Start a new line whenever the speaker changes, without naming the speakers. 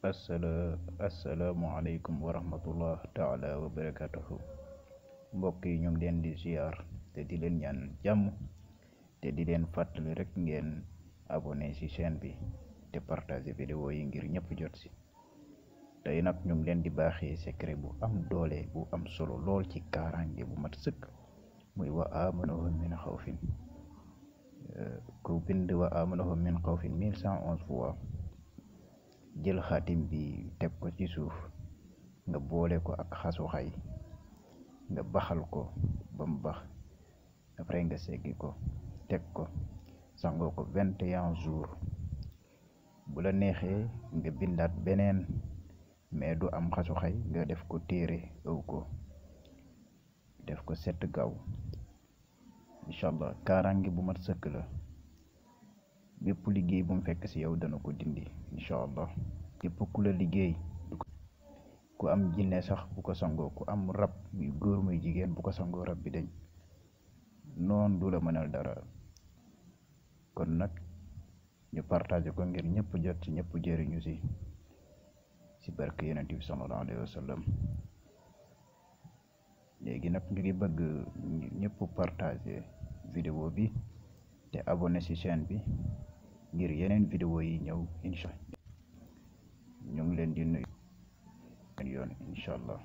Assalamualaikum warahmatullahi taala wa barakatuhu yi ñu ngi leen di ziar te di leen ñaan jamm te di leen fàttali rek ngeen abonné ci chaîne bi te partager vidéo yi ngir ñëpp jot ci tey nag ñu leen di baaxee secret bu am doole bu am solo lool ci kaaraange bu mat sëkk muy wa amanahum min xawfin ku bind wa amanahum min xawfin 1111 fois jël xaatim bi teg ko ci suuf nga boole ko ak xasu xay nga baxal ko ba mu bax après nga seggi ko teg ko sango ko vingt et un jours bu neexee nga bindaat beneen mais du am xasu xay nga def ko téere ëw ko def ko set gaw incha allah kaaraange bu mat sëkk la bépp liggéey bu mu fekk si yow dana ko dindi incha allah képp ku la liggéey ku am jinne sax bu ko sangoo ku am rab muy góor muy jigéen bu ko sangoo rab bi dañ noon du la mënal dara kon nag ñu partagé ko ngir ñépp jot ci ñëpp jëriñu si si barke yonent bi sallallahu alayhi wa sallam léegi nag ñu bëgg ñëpp partagé vidéo bi te abonné si chaîne bi ngir yeneen vidéo yi ñëw incha ñu ngi leen di nuyu yoon incha allah